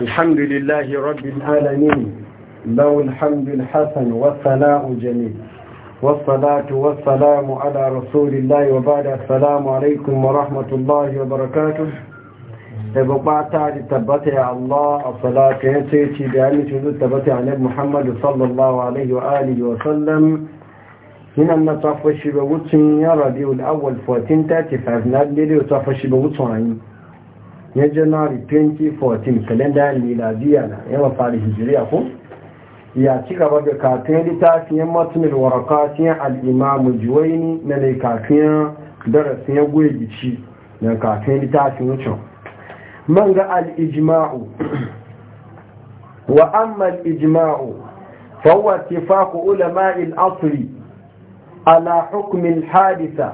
الحمد لله رب العالمين له الحمد الحسن والثناء جميل والصلاة والسلام على رسول الله وبعد السلام عليكم ورحمة الله وبركاته تبقى تعالي تبتع الله الصلاة ينسيتي بأن شذو تبتع نبي محمد صلى الله عليه وآله وسلم من أن صفو الشبوت يرى الأول فوتين تاتي فأبناد ليلي وصفو الشبوت عين ya january 2014 kalendar miladiya na yawan fara hijiriya ko ya ci gaba da kafin littafin matumin warakatiyar al'imamu juwaini na ne kafin darasin ya goye gici na kafin littafin wucin man ga al'ijima'u wa amma al'ijima'u tefa ku ulama'il asiri ala hukumin hadisa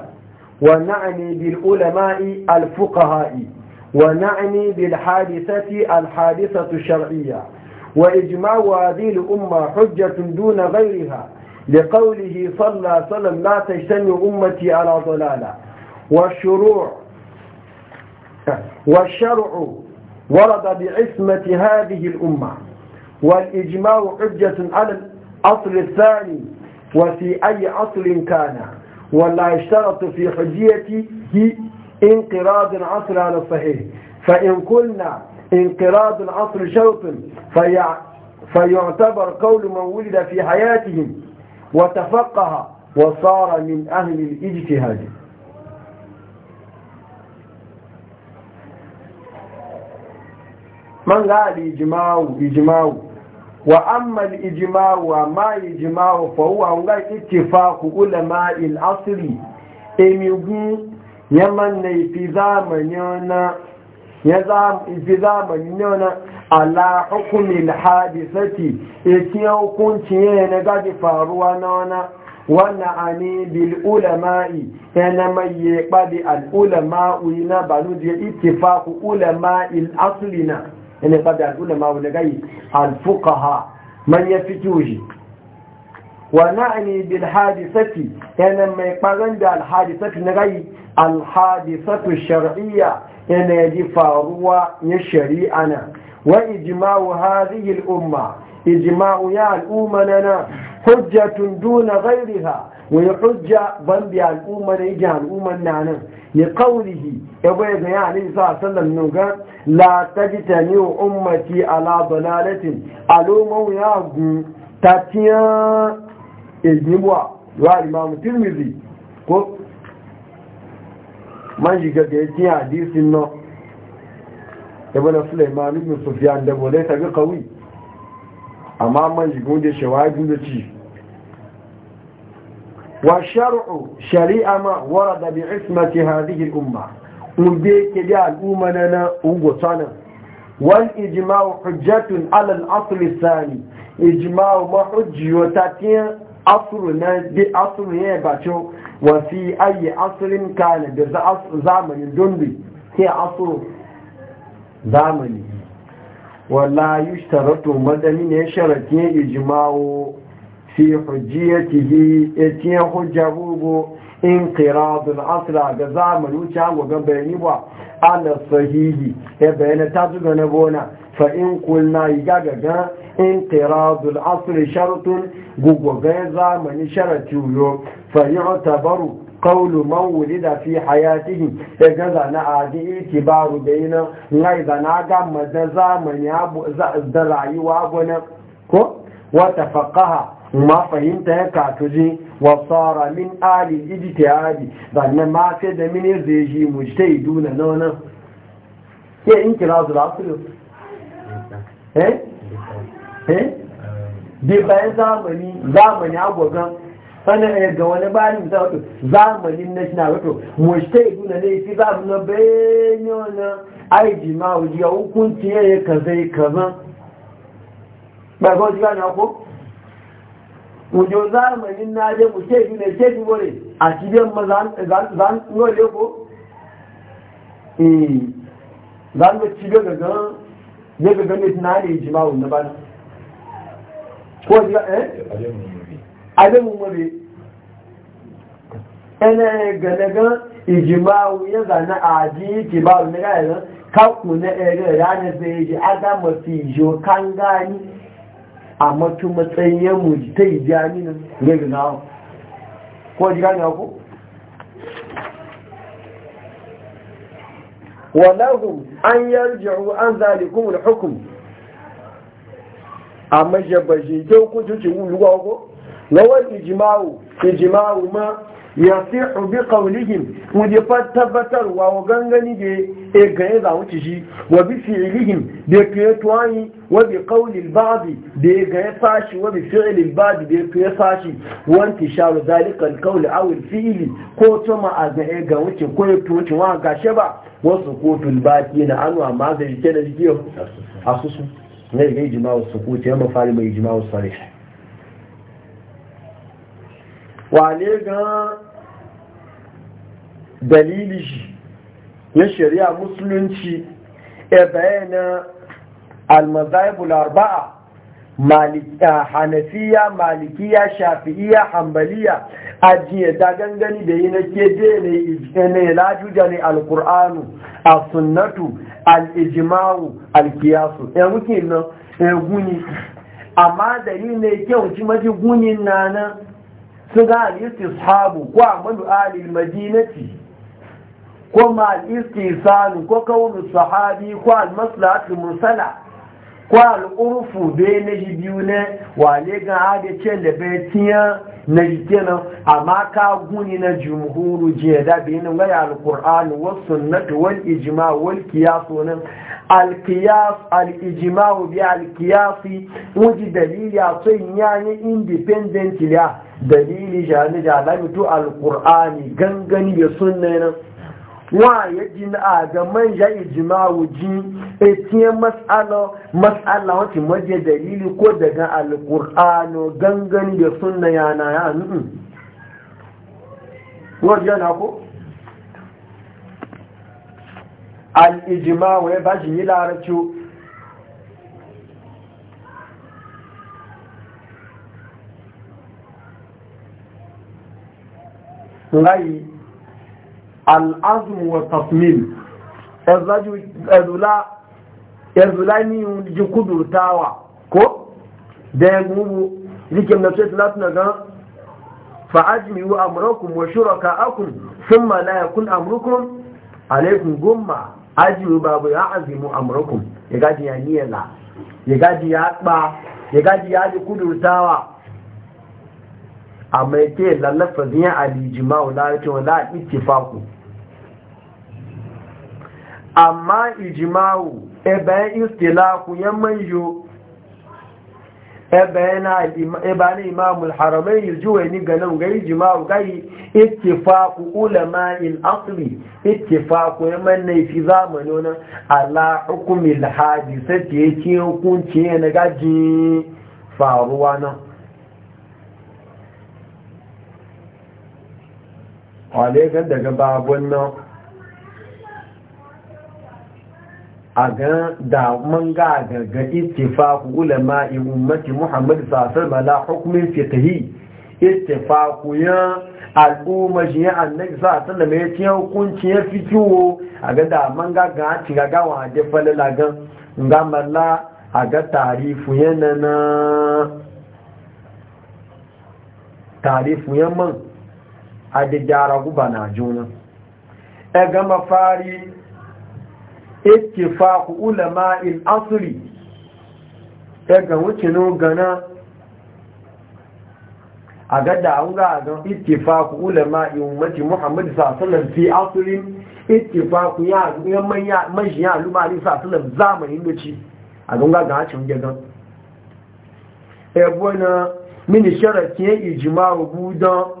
wa na'ani bil ulama'i al-fuqaha'i ونعني بالحادثة الحادثة الشرعية وإجماع هذه الأمة حجة دون غيرها لقوله صلى الله عليه وسلم لا تجتمع أمتي على ضلالة والشروع والشرع ورد بعصمة هذه الأمة والإجماع حجة على الأصل الثاني وفي أي أصل كان ولا يشترط في حجيته انقراض العصر على الصحيح فإن قلنا انقراض العصر شوط في فيعتبر قول من ولد في حياتهم وتفقه وصار من أهل الاجتهاد من قال إجماع إجماع وأما الإجماع وما إجماع فهو اتفاق علماء العصر يقول yaman na ifi zamanin na ya ifi zamanin na ala hukumin hadisati ikin hukunci ne na gaji faruwa na wana wana ani bil ulama'i yana mai ya kpadi al ulama'u na banu da ittifaku ulama'il aslina yana kpadi al ulama'u da gai al fuqaha man ya fi ونعني بالحادثة يعني ما يقارن بالحادثة نغي الحادثة الشرعية يعني يجي فاروا يشريعنا وإجماع هذه الأمة إجماع يا الأمة حجة دون غيرها ويحجة بنبي الأمة يجي الأمة نانا لقوله يبقى يعني صلى الله عليه وسلم لا تجتني أمتي على ضلالة ألوم يا تاتيا ejimuwa zuwa imamu tirmizi ko man shiga da ya ci hadisin nan yabo na ibn sufyan da bole ta ga kawi amma man shiga wanda shawagin da ci wa shar'u shari'a ma warada bi ismati hadhihi al-umma umbe ke da al'umma na na ugo sana wal ijma'u hujjatun ala al-asl ath-thani ijma'u hujjatun asuru na bi asuru ya bacho wa fi ayi asurin kana da zamani dondi sai asuru zamani wala yushtaratu madani ne sharati ne ijma'u fi hujjiyatihi in hujjarugo انقراض العصر ga zamani wuce an gogon bayani ba ala sahihi ya bayyana ta zuga na bona فإن قلنا يجاجا gaga in شرط asiri sharatun gugugai zamani sharati yiwu قول من ولد في حياته يجاجا نعادي اتبار بين غيظا ناقا مدزا من يابو الزرعي وابنا كو وتفقها ما فهمت كاتجي وصار من آل الاجتهاد بأن ما فد من الزيجي مجتهدون نونا يا انت راضي العصر eh eh bi bayan zamani zamani agogan sannan ga wani bayanin ta wato zamanin na shina wato mashita ibu na ne fi zamu na benyo na aiji ma wujiya hukunci ya yi kaza yi kaza ba ga wajen gani ako wujo zamanin na je mu shedu ne shedu bore a cibiyar ma zan yau ko zan ga cibiyar ga gan ne ga gane na ne jima'u na bana ko eh? ya eh alimun mure ene ganaga ijimawu ya zana aji kibaru na gaya zan kakku na ere rana sai ji aga mafi jo kan gani a matu matsayin ya muji ta ijiyani nan ga ganawa ko ji gani ku ولهم أن يرجعوا عن ذلكم الحكم أما جبجي توقف تقول لغاوه لو الإجماع إجماع ما yasihu bi qawlihim je tabbatar wa gangani da e gaye za mu ci wa bi fi'lihim be ke tuwani wa bi qawli al-ba'd be gaye sashi wa bi fi'li al-ba'd be ke sashi wa intisharu zalika al-qawl aw al-fi'li ko to ma a gaye ga wuce ko ya wuce, wa gashe ba wasu kotun baki na anu ma zai ke da jiyo asusu ne ga ijma'u sukuti ya mafari mai ijma'u sarih ne gan dalili shi ya shari'a musulunci e bayyana almazaibul arba'a hanafiya malikiya shafi'iya hambaliya ajiye ta gangani da yi na ke ne lajuja ne alkur'anu a sunnatu al'ijimawu alkiyasu ya e muke nan e guni amma da yi ne kyau ci maji gunin na nan su ga al'istisabu ko a manu alil madinati ko ma al ko kaunu sahabi ko al-maslahatu mursala ko al-urfu be na biyu ne wale ga ade ce da be tiya na kenan amma ka guni na jumhuru je da be ne ga al-qur'an sunnah wal ijma wal qiyas nan al-qiyas al-ijma bi al-qiyas wuji dalila sai nyanye independent ya dalili jani da lamitu al-qur'ani gangani be sunna wọ́n yẹ di àgàmọ́ ìyá ìjìmá àwùjí etí masala masala wọ́n ti mọ́jẹ́ dalili ko daga alkur'ano gangan da sunna yana ya nùn wọ́n jẹ́ na kó al'ijima wọ́n yẹ bá jì yí larabci ngayi al'azm wa tasmin, tasmim ezula ni ji kudurtawa ko da ya gubu jikin da sai latin ga fa ajmiu amrakum wa shurakaakum thumma la yakun amrukum alaykum gumma ajiyu babu ya azimu amrakum ya gaji ya niyala ya gaji ya ba ya gaji ya ji kudurtawa amma yake lallafa ziyan alijima wala yake wala ittifaku amma ijimawu ebe istilahu yan manjo ebe e na imamul haramai yirjuwe ni ganin ga ijimawu gai ittifaku ulama asiri asli ittifaku yan manne fi zamani wani ala hukumil hadisa ke ce hukunci na gaji faruwa nan kwale daga babon nan a gan da manga daga ittifaku ulama ummati muhammad sasar mala hukumin fiqhi ittifaku ya al'umma shi ya annabi sa sanna mai ci hukunci ya fi kiwo a ga da manga ga ci ga gawa da falala gan ngamalla a ga tarifu yana na tarifu yamman a da gyara guba na juna ya e gama fari ittifaku ulama il asiri ya e ga wucinu gana a gada an ga a gan ittifaku ulama ummati muhammadu sallallahu fi asirin ittifaku ya manshi ya aluma alisa sallallahu zamanin doci a gan ga gacin gagan ebe na mini sharafi ya ijimaru budan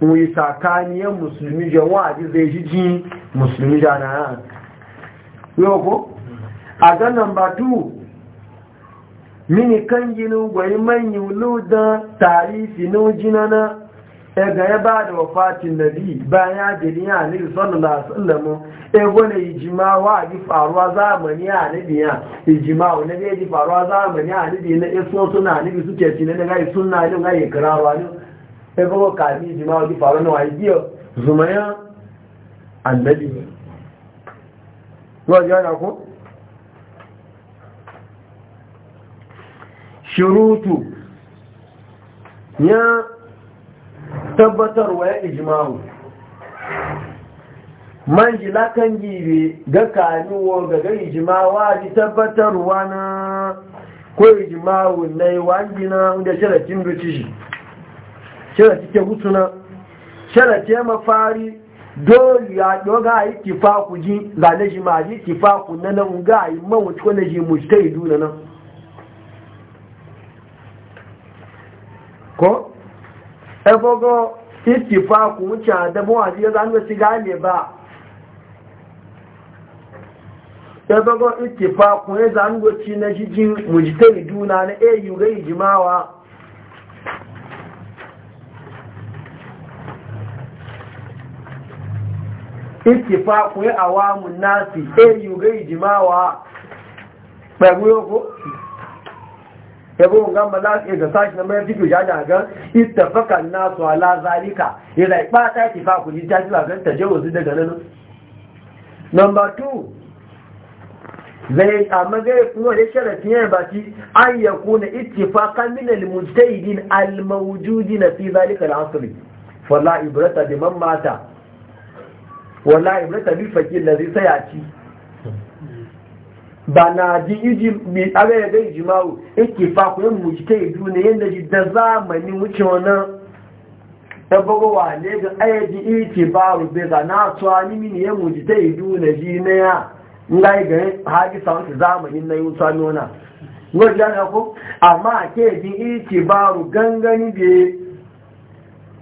wai tsakaniyar musulmi jawaji zai ji ji musulmi jana yana yau ko? a ga namba 2 mini kan gini gwai manyan ludan tarihi na jinana e ga ya ba da wafatin nabi bayan ya jiri ya nabi sallallahu alaihi e gwane ijima wa ji faruwa zamani ya nabi ya ijima wa nabi ya ji faruwa zamani ya nabi na iso suna nabi suke ci na daga sunna ne ga ikrarwa ne ebogo kafi jima wadi faru na wajiyo zumaya annabi wajen ku shirutu ya tabbatarwa ya ijimawu man ji lakan gibe ga kanuwa ga ga ijimawa ji tabbatarwa na ko ijimawu na yi wangina da shirafin duci shi sharati ke gutuna sharati ya mafari dole ya doga a yi kifaku ji ga na ji ma ji ku na na ga a yi mawuci ko na ji mujtai duna nan ko ebogo ku wuce da mawazi ya zanuwa shi gane ba ebogo ittifaku ya zanuwa ci na shi ji mujtai duna na eyu eh, ga ijimawa ittifaqu ya awamun nasi e eh, yuga ijmawa bago yoko yabo ngan mala e eh, ga sashi na mai bidiyo ya daga ittafaqa nasu ala zalika yana ba ta ittifaqu ni ta zuwa gan tajawuzi daga nan Nomba 2 zai amma zai kuma da sharafin yana ba ci an ya kuna ittifaqan min al din al na fi zalika al-asr fala ibrata biman mamata. wala ibrata bi fakir da zai saya ci ba na ji iji bi aga ya gai jima'u yake fa ku yan mu ta yi duniya yadda ji da zamani wuce wannan ta bugu wa ne ga ayyaji iti ba rube ga na tuwa ni mini yan mu ta yi duniya ji na ya nga yi gari haji samun zamani na yi wuta nuna ngwaji ya ku amma ke ji iti ba ru gangani bi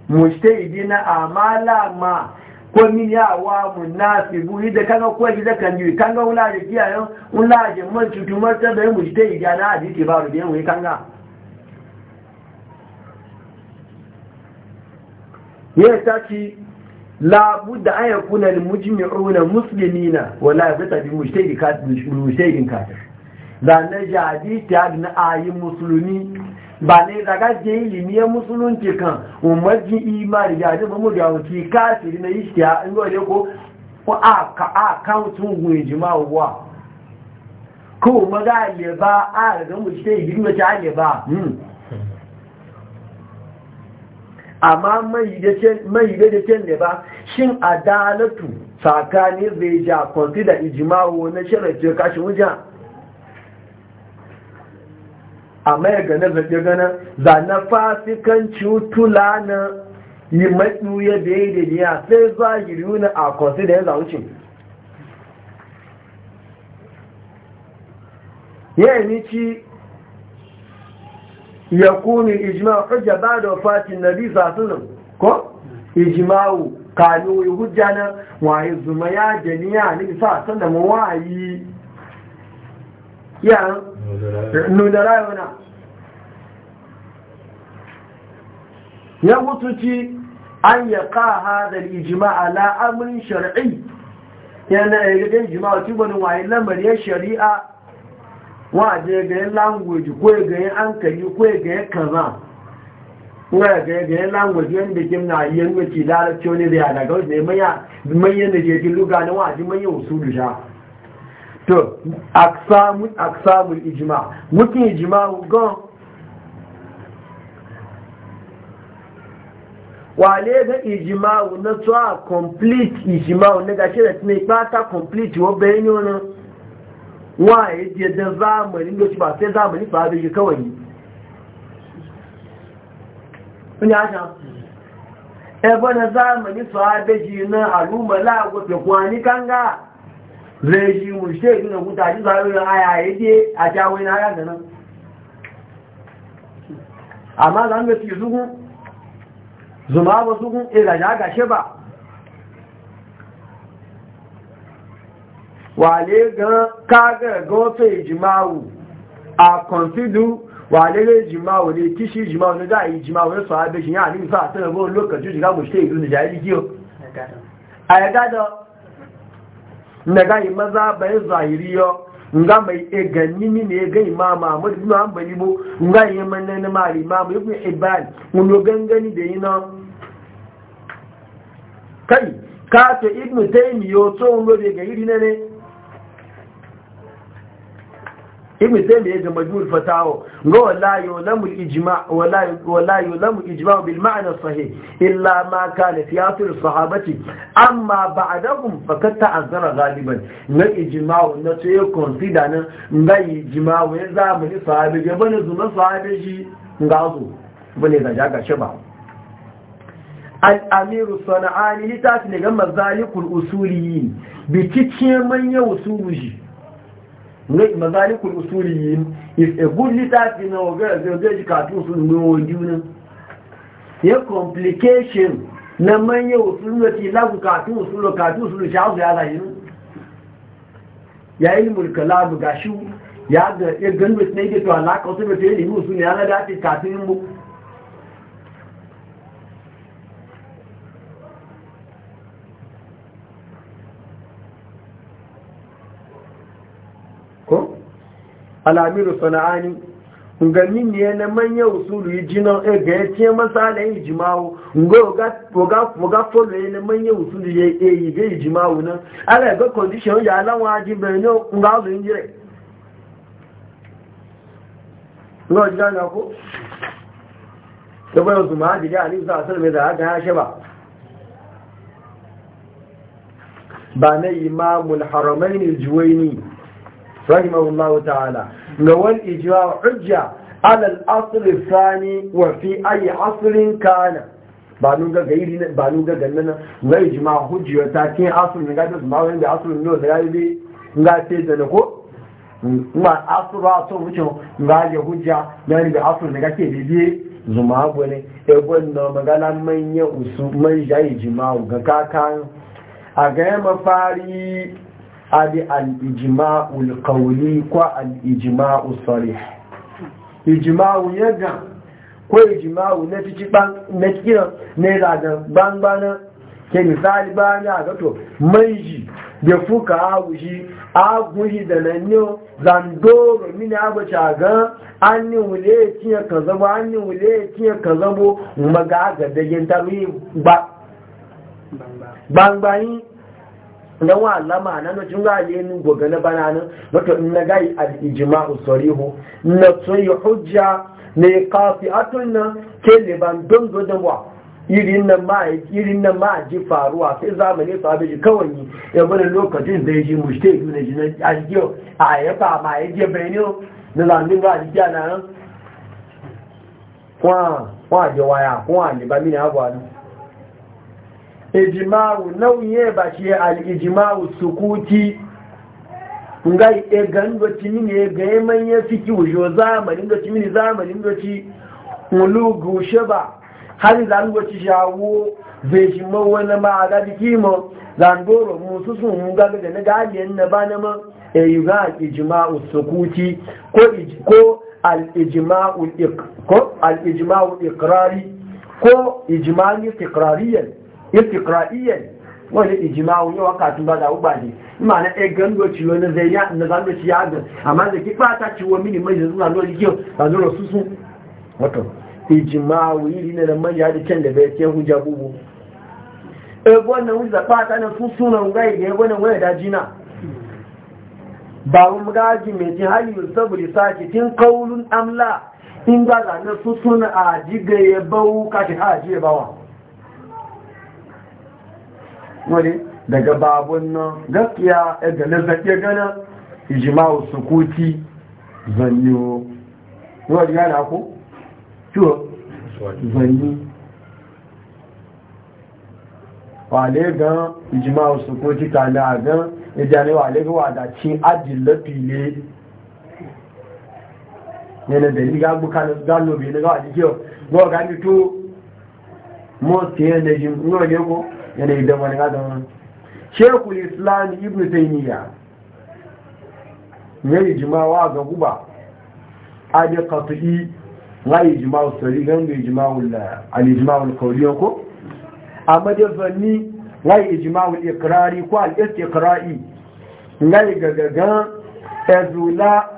mu ta yi dina amala ma ko min ya miyawa munafi buri da kanga ko gida kan yi kanga wula da kiyayen wula da mun tutu marta da mu ta yi gana a jike ba rubiyan wai kanga ya ta ci labu da an yakuna mujmi'una muslimina wala ya fita bi mujtahidi ka mu ta mujtahidin ka da na jadi ta na ayi musulmi ba ne daga je ilimiyar musulunci kan umarji imani ya ji mamu da wuce kafiri na ishtiya in yau ko a kawuntun gwe jima'u wa ko maza le ba a daga mu ce yi mace a le ba hmm. amma mai da can le ba shin adalatu tsakanin zai ja da ijimawo na shirar jirka shi wujan amma ya gane zaɓe gane za na fasikan cutula na yi matsuye da ya yi da sai yi yuna a kwasi da ya zaunci ya yi nici ya kuni ijima hujja ba da fatin na bisa sunan ko ijimawu kanu yi hujja na waye zuma ya janiya ni bisa sanda mawa yi yan nudara yana ya mutuci an ya kaha da ijima ala amurin shari'i yana ɗaya ijima gbani waye wayan lamariyar shari'a waje ga yin language ko ga an hankali ko ga yin kaza ga ga yin language yadda kim na yin wuce larabci wani da ya daga wasu ne da ke luga waje usulu sha to aksamun aksamun ijima mutum ijima gan wale ga ijima na to a complete ijima na ga ṣe da ti ne ipata complete wọ́n bẹ̀rẹ̀ ní ọ̀nà wọ́n a yi diẹ da zamani ló ti ba fẹ́ zamani fa abin kawai ni wani aṣa ẹgbọ́n na zamani fa abin na alumala wọ́pẹ̀kùn a ní kanga zai shi mushe suna mutaji zarurin aya yake a jawo na aya da nan amma za mu fi zuhu zuma ba zuhu iraja eh, shi ba wale gan kagar gofe jimawu a consider wale le jimawu ne kishi jimawu ne za a yi jimawu ne su abishin ya nisa a tsanagowar lokacin shiga mushe ilu da jari giyo a ya gada na gayi maza bayan zahiriyo nga mai e ganni ni ne ga imama Ahmad ibn Hanbali bo nga yi manne e na mali imam ibn Hibban mun yo gangani da yina kai ka to ibn Taymi yo to mun ga iri ne ibn taymiyyah da majmu'ul fatawa ga wala yulamu ijma' wala yulamu ijma' bil ma'na sahih illa ma kana fi asr sahabati amma ba'dahum faqad ta'azzara ghaliban na ijma' na to ya consider na. ga ijma' ya zamani sahabi ga bane zuma sahabi shi ngazo bane ga jaga shi ba al'amiru sana'ani littafi ne ga mazalikul usuli bi cikin manyan usulu mazalikul usuliyin if a good littafi na ogar zai ji katun sun mewa junan ya complication na manyan usulun da ke lagun katun usulun katun usulun shi hausa ya zayi ya yi mulkala ga shi ya ga ganin na yi da alaka, wasu mai yi da usulun ya na dace katun alamiru sana'ani ganin ne na manyan usulu yi jina e ga ya ce masa da yi jimawo folo ya na manyan usulu ya e yi ga yi jimawo nan ala ga kondishin ya alawa ji bai ne ga su yi jire ga ji ko ta bayan su ma ji ali sa asar mai da haka ya sheba ba na imamul haramain juwaini رحمه الله ga wal ijma حجة ala الأصل الثاني وفي أي wa كان ayi asrin kana ba ga gairi ba nun ga gannan ga ijma hujja ta kin asrin ga da ba wani da asrin no da yayi ga ce da ko ma asra ga hujja da ni da ga ke e a ga adi al-ijma'ul kwa ko al-ijma'us sarih ijma'u yaga ko ijma'u na fici ban na kira ne daga bangbana ke misali bani a gato manji da fuka agushi agushi da nan yau zandoro mini abuca ga an ni wule ya ciye ka zabo an ni wule ya ciye ka zabo maga ga dagin tarihi ba bangbayin na wa lama na no jin ga le nu goga na banana wato in na gai al ijma'u sarihu na tun hujja ne qati'atun na ke le ban don godan wa irin nan ma irin nan ma ji faruwa sai zamani sahabi ji kawai ni ya bane lokacin da ya ji mushtaq ne ji na ajiyo a ya ba ma ya je bayani na zamin ga ji kana nan kwa je waya kwa ne ba mini abu ijimawu nauye ba shi al'ijimawu sukuti ngai e gando timi ne ga yaman e ya fiki wujo zamani da timi zamani da ci mulu gushe ba har zan goci jawo zai shi man wani ma a gadi kima zan doro musu sun mun gaga da na galiyan na ba na ma e yi ga ijma'u sukuti ko ijma'u ikrari ko ijma'u iqrariyan istiqra'iyyan wani ijma'u ne waka tun ba da uba ne ima na ɗaya gango ciwo na zai ya na zan ci ya ga amma da ki fata ciwo mini mai da zuwa lori kiyo a zuwa su su wato ijma'u yi ne da manja da can da bai ce hujja bubu ebo na wuza fata na su suna ngai da ebo na wani dajina ba mu gaji mai ji hali yusabuli sake tin kaulun amla in ga na su suna a jigaye bau kashi ha ajiye bawa wani daga babun nan gaskiya ga na zaƙe gana ijima'u sukuti zanyo yau da yana ku? ciwo zanyi wale gan ijima'u sukuti tale a gan ijani wale ga wadaci ajilafi ne yana da ni gabu gano galobi na gawa jikiyo gawa gani to mọ́sí ẹ̀lẹ́jì ní ko. yana idan wani zama shekul islam ibn taymiya ya yi jimawa ga guba a da katu'i na yi jimawa sari gan da alijimawar kauliyar ko a majazanni na yi ijimawar ikirari ko Ikirari. na yi gagagan ezula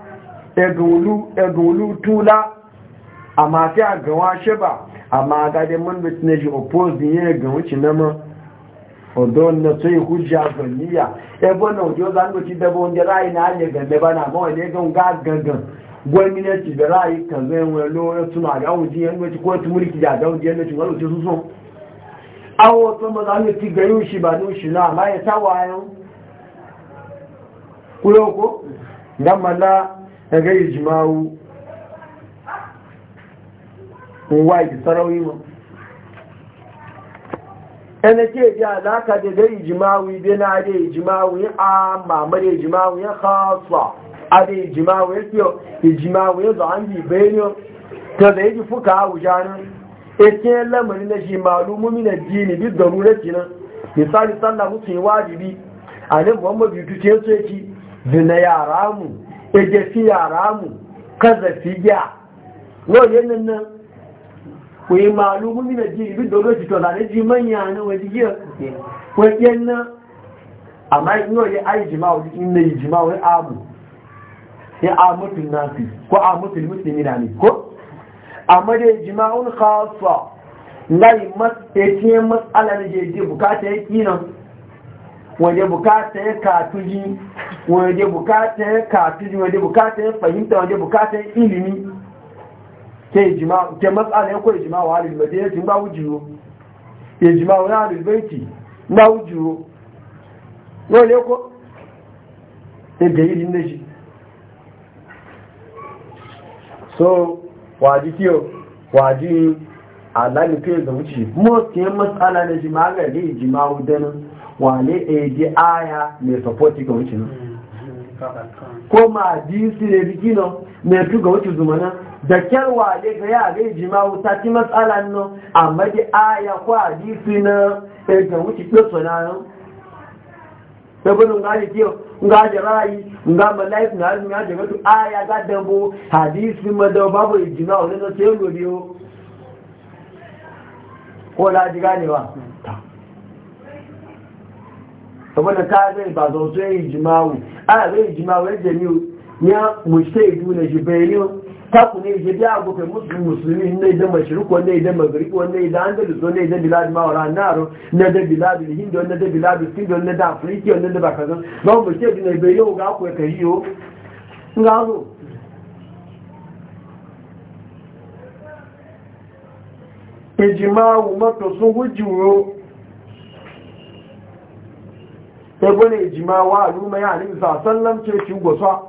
egulu tula a mafi agawa shi ba amma gadin man mutu na ji opposing ya ga wuce nama. odon na sai hujja ganiya e bona ojo zan go ci da rai na anya ga da na ma wale ga ga gangan gwamnati da rai ka zai wani lori tuma ga wuji yan go ci ko tu mulki da ga wuji yan ci wani su so awo otu ma ga yu ba nu na ma ya tawayo ɗana ke ji ka da zai jimawi na da jimawi a mamar da jimawi ya khasa a da jimawi ya fiyo da jimawi ya zuwan jibeniyo ta zai ji fuka a wujanin ake e lamari na shi malumumi na jini bi darurati nan misali sallah musu yi wajibi a nan muhammad yutu ce su yake zina yara mu ege fi yara mu kaza fi ya yau yanin nan ku yi malumu mina ji ibi dogo ci to zane ji manya na wani giyar kwakken nan amma in yau ya ayi jima wani ina yi jima wani abu ya amutul nasi ko amutul musulmi na ne ko amma da jima wani khasa ngai mas etiye masala ne je je bukata ya kina wani bukata ya katuji wani bukata ya katuji wani bukata ya fahimta wani bukata ya ilimi ke matsala ya kwa ijima wa halin madinati ba wujiro ijima wa halin baiti ba wujiyo wani ya kwa ɗin da ne da shi so waji kiyo waji alani kai da wuce most yin matsala na jima ga ne jima wudanin wale a yi aya mai support ga wuce nan ko ma hadisi ne biki no ne tuga wuce zumana da kyarwa ne ga ya ga jima wuta ti matsalan no amma di aya ko hadisi na e ga wuce doso na no sabon e nga ji kiyo nga ji rayi nga malai na azumi ya daga tu aya ga dambo hadisi ma da babu jima wuta no sai lodiyo ko la ji ganewa ta saboda ka zai ba zo su yi a zai ya mushta yi duna shi bayani ta ku ne shi biya gofe musulmi musulmi ne idan mashirik wanda idan magrib wanda idan andalus wanda idan bilad mawara naro na da bilad hindi wanda da bilad sind wanda da afriki wanda da bakazan ba mu mushta yi duna bayani ga ku ka yi yo nga zo ijimawu mato sun hujjuro ebone ne wa aluma ya alim sa sallam ce shi gosa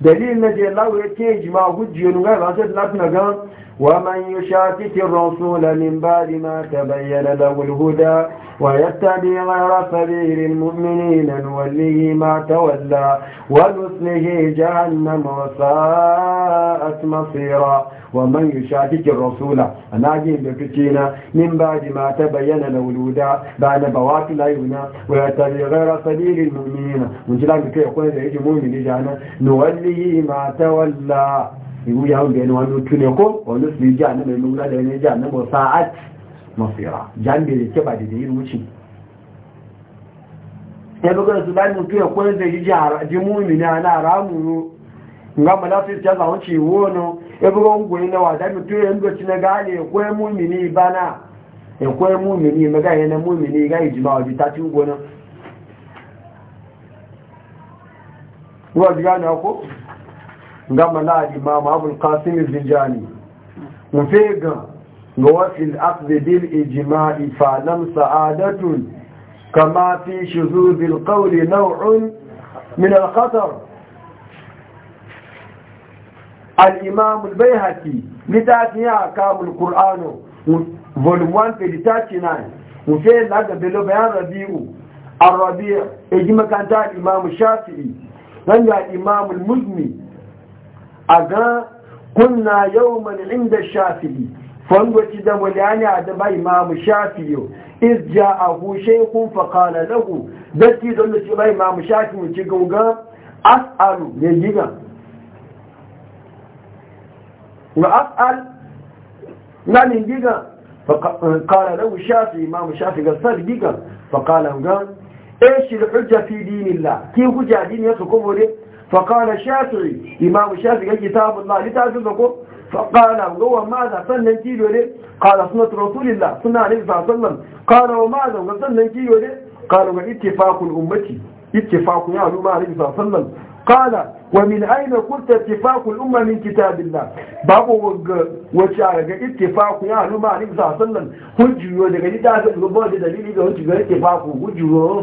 dalil na je lawo ya ce jima hujji yanu ga ba sai lafi na ga wa man yushakiki rasul min ba'di ma tabayyana lahu al-huda wa yattabi ghayra sabili al-mu'minina nuwallihi ma tawalla wa nuslihi jahannama wa sa'at masira wa man yushaqiqir rasula anaji da kicina min ba'di ma tabayyana lahu al-huda ba'da bawati layuna wa yatabi ghayra sabili al-mu'minina mun jira ga kai ko da yake mu'mini jana nuwallihi ma tawalla ibu ya ga ni wani tune ko wani su jana mai lura da ba da yi ya mutu ya kwanza da ji mumina na ramuru nga malafi ta zawon ciwo ya buga ungwani na wata mutu ya ndoci na gane ya kwaye mumini bana ya kwaye mumini maga yana mumini ga ijima waje ta ci ugwanin wajen gane ko gama na imama abul qasim zinjani mufega ga wafil aqd bil ijma'i fa lam sa'adatun kama fi shuzuz al qawl naw'un min al khatar الإمام البيهتي لتاتي أحكام القرآن فولموان في لتاتي ناي وفين لغا بلو بيان ربيعو الربيع إجي مكانتا الإمام الشافعي لن الإمام المزمي أغا كنا يوما عند الشافعي فانغوتي دمولياني أدبا إمام الشافعي إذ جاء أبو شيخ فقال له دكي دولتي بأي إمام الشافعي وشيكو غام أسألو يجيغا وأسأل يعني جيجا فقال له الشافعي إمام الشافعي قال صار جيجا فقال قال إيش الحجة في دين الله كي حجة دين يسكم ولي فقال الشافعي إمام الشافعي كتاب الله لتعجبكم فقال هو ماذا صلى كيلو ولي قال سنة رسول الله سنة عليه الصلاة والسلام قال وماذا صلى كيلو ولي قال اتفاق الأمة اتفاق يا ما عليه الصلاة والسلام قال ومن أين قلت اتفاق الأمة من كتاب الله بابو وشارك اتفاق يا أهل عليك صلى الله عليه وسلم هجوا لقد تعرف الغبار دليل هجوا اتفاق هجوا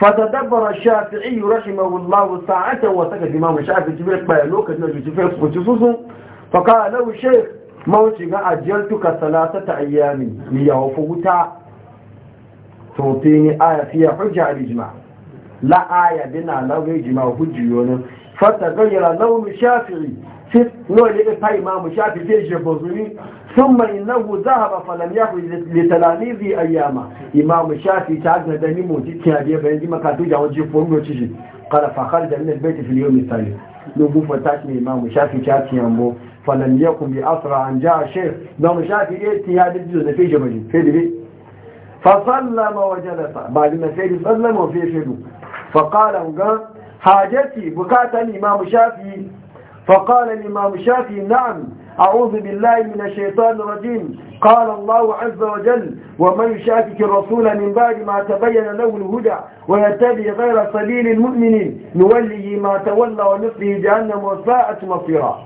فتدبر الشافعي رحمه الله ساعة وسكت الإمام الشافعي جبريل بيانوك جبريل خصوصا فقال له الشيخ موتي أجلتك ثلاثة أيام ليوفوتا تعطيني آية فيها حجة على الإجماع لا آية دينا لو يجمع hujjiyo فتغير fata gayyara launin shafi'i نوع لقطة إمام الشافعي في الجبوزي ثم إنه ذهب فلم يأخذ لتلاميذي أياما إمام الشافعي تعجنا دني موتي كابية بين دي مكاتو جاوة جفون وشيشي قال فخرج من البيت في اليوم الثاني نبو فتاتني إمام الشافعي تعجنا ينبو فلم يكن بأسرع أن جاء الشيخ إمام نعم، الشافعي إيه تياد الجزء في جبوزي فصلى ما وجلس بعد ما سيدي صلى ما وفيه شدو فقال حاجتي بكات الإمام الشافعي فقال الإمام الشافعي نعم أعوذ بالله من الشيطان الرجيم قال الله عز وجل ومن يشاكك الرسول من بعد ما تبين له الهدى ويتبع غير سبيل المؤمنين نوليه ما تولى ونصله جهنم وساءت مصيرا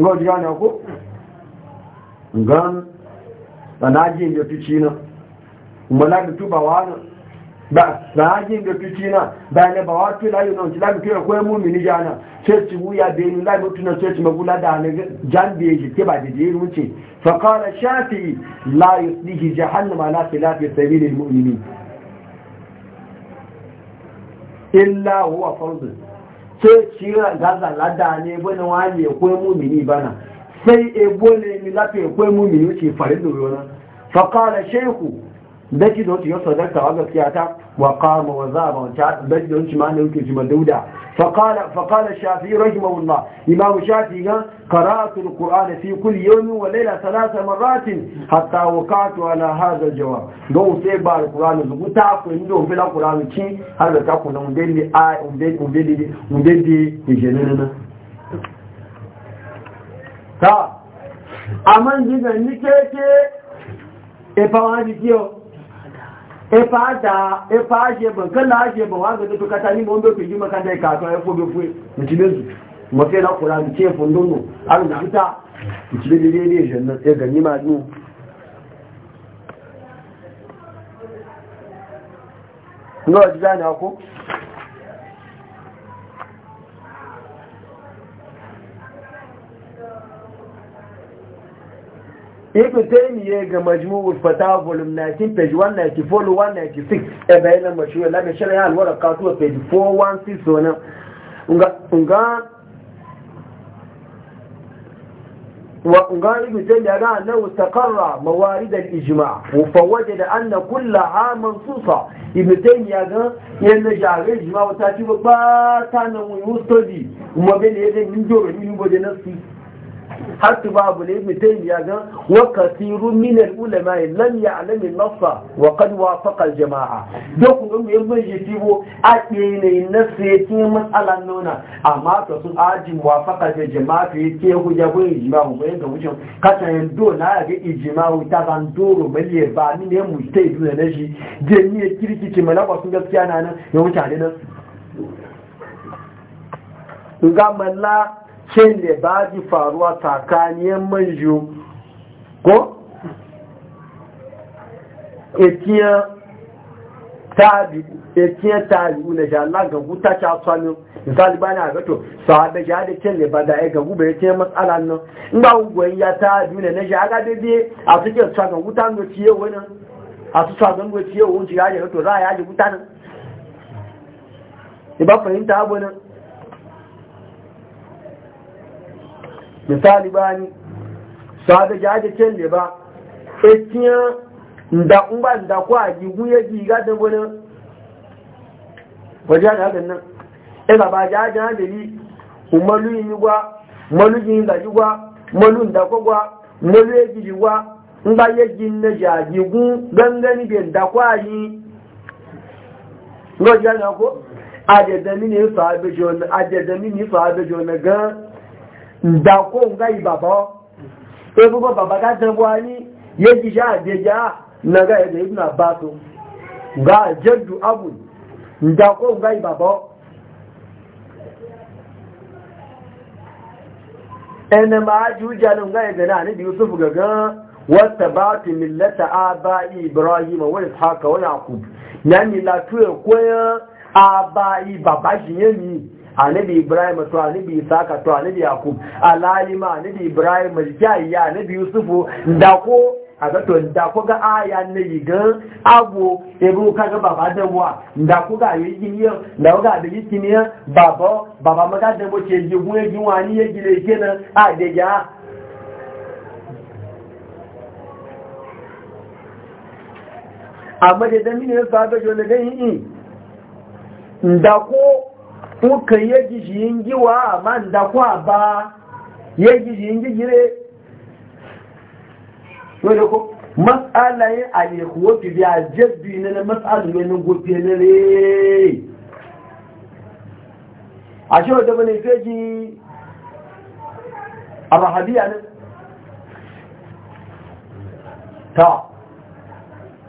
يقول جانا أخو قام أنا أجي يتشينا وملاك تبوانا ba sajin da fitina ba ne ba wato la yuno ci lamu kira koyi mumini jana sai ci wuya da yin lamu tuna sai ci magula da ne jan da yake ke ba da je wuce fa qala shafi la yusdihi jahannama la khilafi sabilil mu'minin illa huwa fardun sai ci ga zalla da ne bane wani ya koyi mini bana sai e bone mi lafi koyi mumini ce farin da wani fa qala shaykhu daji da wata yasa zarta wa gaskiya ta wa qama wa zaba wa ta daji da wanci ma ne yake jima dauda fa qala fa qala shafi rahimahullah imam shafi ga qara'atu alqur'ana fi kulli yawmi wa layla thalatha marratin hatta waqatu ala hadha aljawab do se ba alquran zubuta ko ndo bila alqur'ana ki har da ku na dai ai umbe umbe di umbe di ta aman diga ni keke e pawani wa di efa aje ban kala aje ban wa gado to katani mo ndo piji makanda e ka e fobe fue mutibezu mo fe la kula mi che fondono alu kita mutibe de de je na e ma ibn taymiyyah ga majmu'ul fatawa volume 19 page 194 volume 196 e bayan nan mashhur la sharh al warqat wa page 416 wannan unga unga wa unga ibn taymiyyah ga annahu istaqarra mawarid al ijma' wa fawajada anna kullaha mansusa ibn taymiyyah ga yanda jare ijma' wa ta ta nan wuyu study kuma bane yadda min jore min gode nasu har su babu ne mai taimiya gan wa kasiru min ulama lam ya'lam an-nassa wa qad wafaqa al-jama'a duk mun yi mun ji tibo a ne nasu yake mas'ala nona amma to sun aji wafaqa da jama'a yake ku ya bu ijma'u ko yanka wucin kata yan do na ga ijma'u ta ban doro balle ba ni ne mu tai dole ne shi je ni kirkici mana ba sun gaskiya na nan ya wuce ne nan ga kin da ba ji faruwa tsakaniyar manjo ko? ekiyar tabi'u na sha Allah ta ci ta tsanin misali bani a gato sahabe ya da kin da ba da ya gabu bai ce matsalan nan in ba ugwai ya tabi'u na na aga bebe a suke tsakan guta no ciye wani a su tsakan go ciye wani ya da za a yaji guta ba fahimta abu nan da talibani sa da jaje kelle ba etiya da nda ba nda kwa ji guye ji ga da wani wajen haka nan e ba ba jaje na dali umalu yi gwa malu yi da ji gwa malu da kwa gwa malu yi ji gwa in ba yi na jaje gun gangani bin da kwa yi wajen haka ko a da dami ne su haɓe jona gan ìdàkó ǹgá ìbàbọ́ ebúgbọ́ bàbá kátẹ́bọ́ ní yéjíṣẹ́ àdéjá nàgá ẹ̀dẹ̀ ìbùn àbátò a jẹ́jù ábùn ìdàkó ǹgá ìbàbọ́ ẹnẹ máa jù jẹ́ ǹgá ẹ̀dẹ̀ náà níbi yusuf millata aba ibrahim koyan aba baba annabi ibrahim to annabi isaka to annabi yakub alalima annabi ibrahim jayya annabi yusufu da ko a ga to da ko ga aya ne ga abu ebu ka ga baba da wa da ko ga yi giniya da ga da yi giniya baba baba ma ga da bo ce ji mu ji wani ya gile kenan a da ya amma da da mini ya sa ga jona ga yi da ko kuka yaji jingi wa man da kwa ba yaji jingi gire wanda ko mas'ala yin alikuwa fi biya jaddu ne na mas'alu ne gobe na re a shi wadda bane feji a rahabiya ne ta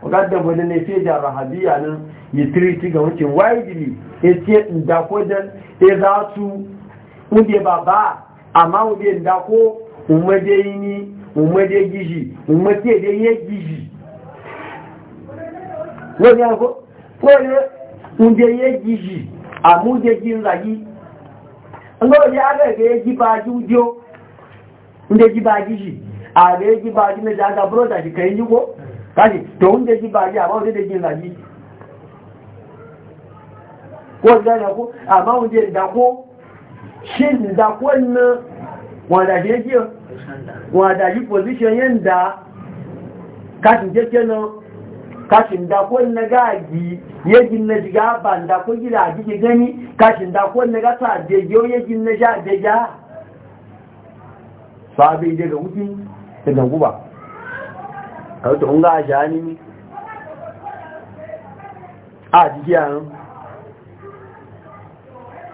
wadda bane feji a rahabiya ne mitriti ga wucin widely ya e ce ndakodan ya e za su ude ba ba amma ude ndako umade yini umade gishi umade da ya gishi wani ako kone ude ya gishi a mude jin zagi an ga wajen aka ga ya ji ba jujo inda ji ba gishi a ga ya ji ba ji na jaga broda shi kayan yi ko kaji to inda ji ba ji a ba wajen da jin zagi ko gane ko amma da ko shin da wannan wanda ke ke wanda yi position yanda kashin keke nan kashin da wannan gagi yajin na jiga ban da ko gida a jike gani kashin da wannan gasa jejiyo yajin na a a a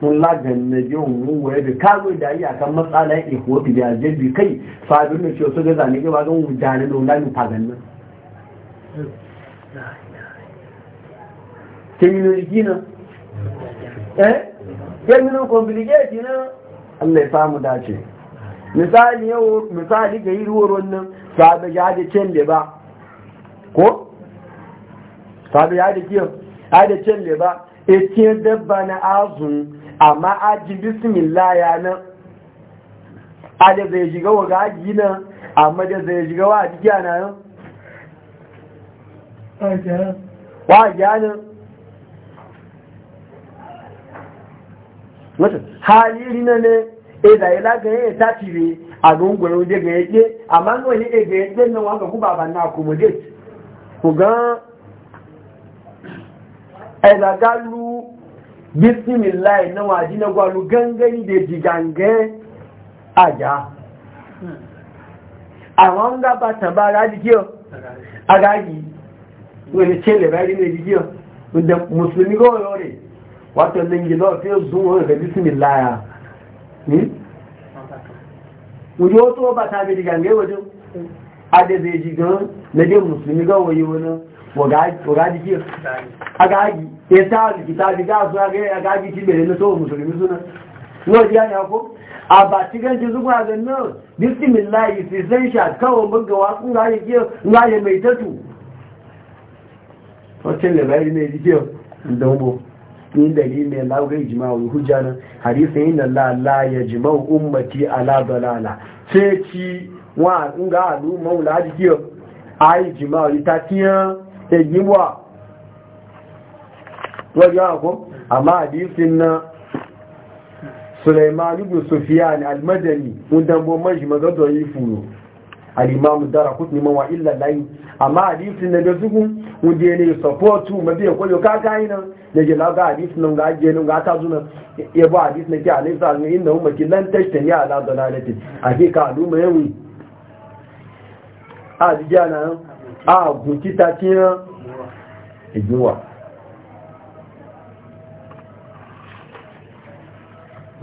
sun lagan na yau muwaya da kago da yi kan matsala ya ihuwa bi da jabi kai fadin da cewa su ga zane gaba zan wujane da wulani fagannan terminology na eh terminology complicated na Allah ya samu dace misali yau misali ga yi ruwar wannan sabu ya da can da ba ko sabu ya da kiyo ya da cin ba e dabba na azun amma aji bismillah ya nan aje zai shiga wa gaji nan amma da zai shiga wa jiki ana nan wa gyanin haliri na ne eda ila ga ya ta tire a gungun wuje ga yake amma nwa ne ga yake nan wanga ku baba na accommodate ku ga eda bismillahi na waji na gwalu gangani da jigange a ja ba ń gába tàbá agájí kí ọ agájí wọ́n ṣe lè báyìí ní ìdíjí ọ ọdẹ musulmi gọ́ọ̀rọ̀ rẹ̀ wàtọ̀ lẹ́yìn lọ́ọ̀ tí ó zún wọn rẹ̀ bismillahi ní ojú ó tó a tàbí jigange wọ́jọ́ adẹ́zẹ̀ jigan lẹ́jẹ́ musulmi gọ́ọ̀rọ̀ yìí wọn wọ̀gájí kí ọ agájí ya ta alikita bi ga su ga ga ji bere na so musulmi suna no ji ana ko a ba ti gan ji zuwa ga no bismillah sai san sha kawo mun ga wasu ga yi ke ga yi mai tatu wacce ne bai ne ji ke dan bo ni dalili ne la ga ijma'u hujjana hadisi inna la la yajma'u ummati ala dalala sai ci wa ga alu maula ji ke ai jima'u ta tiyan ejiwa wajen ku amma hadisin na Sulaiman ibn Sufyan al-Madani mudan bo maji magado yi furo al-Imam Daraqutni ma wa lai amma hadisin na da suku wuje ne support ko yo kaka ina da je laga hadisin nan ga je nan ga ta zuna ya ba hadisin ne ke alai sa ne inna umma killan tashtani a a ta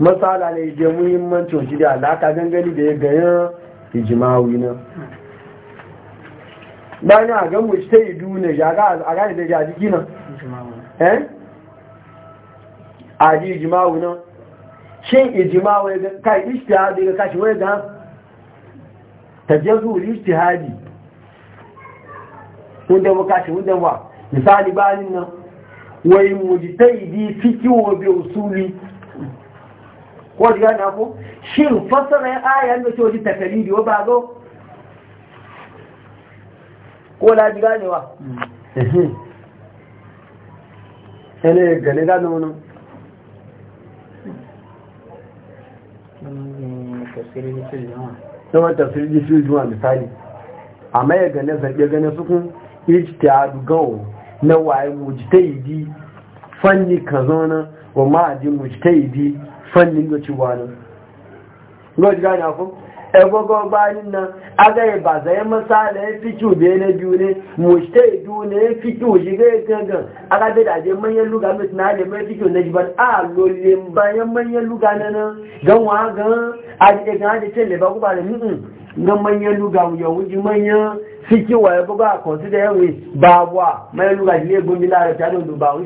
matsala ne je muhimmancin shi da alaka gangani da ya gayan hijimawi na bayan a gan wuce ta yi dune a gane da jajiki nan eh a ji hijimawi nan shin hijimawi ka ishtihadi ga kashi wai ga tajazul ishtihadi wanda mu kashi wanda ba misali bayanin nan wai ta yi mujtahidi fikihu bi usuli ko ji gane ku shin fasara ya ayan da ke wajen takalidi wa ba zo ko la ji ganewa ene gane gane wani yawan tafsiri jisul juwa misali amma ya gane zarge gane sukun ijtihadu gawo na waye mujtahidi fanni kazona wa ma'adi mujtahidi fannin da wani gani bayanin nan ba zai masa da ya fi na biyu ne mushte du ne ya fi kyau shi ga aga da je manyan luga mai na da mai fi kyau na shi a lolin bayan manyan luga na nan gan wa gan a mm, gan leba kuma da manyan luga manyan ya buga a consider yawon babuwa manyan luga ne na ba